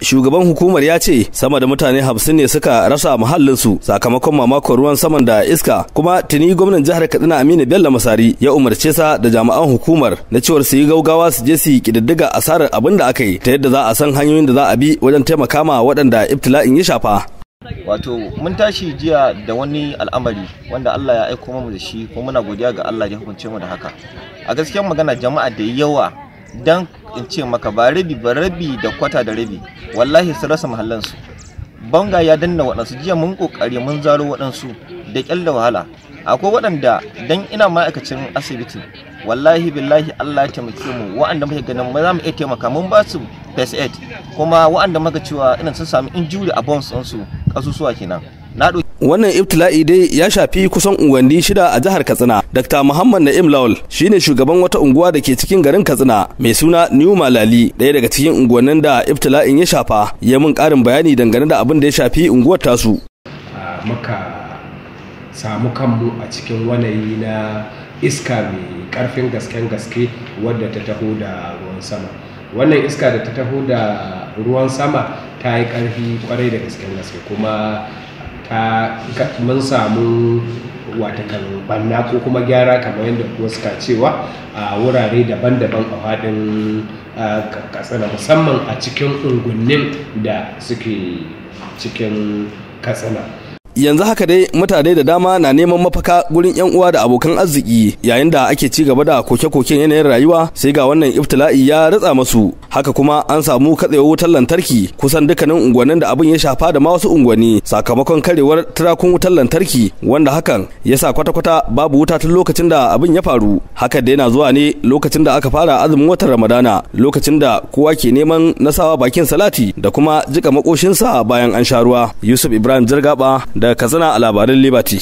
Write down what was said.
shugaban hukumar ya ce sama da mutane hamsin ne suka rasa muhallinsu sakamakon mamakon ruwan saman da iska kuma tuni gwamnan jihar katsina aminu bello masari ya umarce sa da jami'an hukumar na cewar su yi gaugawa su je su kididdiga asarar abin da aka yi ta yadda za a san hanyoyin da za a bi wajen taimaka ma waɗanda ibtila'in ya shafa wato mun tashi jiya da wani al'amari wanda Allah ya aiko mu da shi kuma muna godiya ga Allah ya hukunce mu da haka a gaskiyar magana jama'a da yawa Dan in ce maka ba rabi ba rabi da kwata da rabi wallahi su rasa mahallansu banga ya danna waɗansu jiya mun kokari mun zaro waɗansu da ƙyal da wahala akwai waɗanda dan ina ma'aikacin asibiti wallahi billahi Allah ya taimake mu waɗanda muke ganin ba za mu iya taimaka mun ba su first aid kuma waɗanda muka cewa ina sun sami injury a bones ɗinsu ƙasusuwa kenan wannan ibtila'i dai ya shafi kusan unguwanni shida a jihar katsina dr muhammad na'im lawal shine shugaban wata unguwa da ke cikin garin katsina mai suna new malali ɗaya daga cikin unguwannin da ibtila'in ya shafa ya mun ƙarin bayani dangane da abin da ya shafi unguwar tasu muka samu kanmu a cikin wanayi na iska mai karfin gasken gaske wadda ta taho da ruwan sama wannan iska da ta taho da ruwan sama ta yi karfi kwarai da gasken gaske kuma mun samu watakan banna ko kuma gyara kamar yadda kuma suka cewa a wurare daban-daban a faɗin katsina musamman a cikin unguwannin da suke cikin katsina yanzu haka dai mutane da dama na neman mafaka gurin yan uwa da abokan arziki yayin da ake ci gaba da koke-koken yanayin rayuwa sai ga wannan iftila'i ya ratsa masu haka kuma an samu katsewar wutar lantarki kusan dukkanin unguwannin da abin ya shafa da ma wasu unguwanni sakamakon karewar turakun wutar lantarki wanda hakan ya sa kwata-kwata babu wuta tun lokacin da abin ya faru haka dai yana zuwa ne lokacin da aka fara azumin watan ramadana lokacin da kowa ke neman nasawa bakin salati da kuma jika makoshinsa bayan an sha ruwa yusuf ibrahim jirgaba da daga Katsina a labaran Liberty.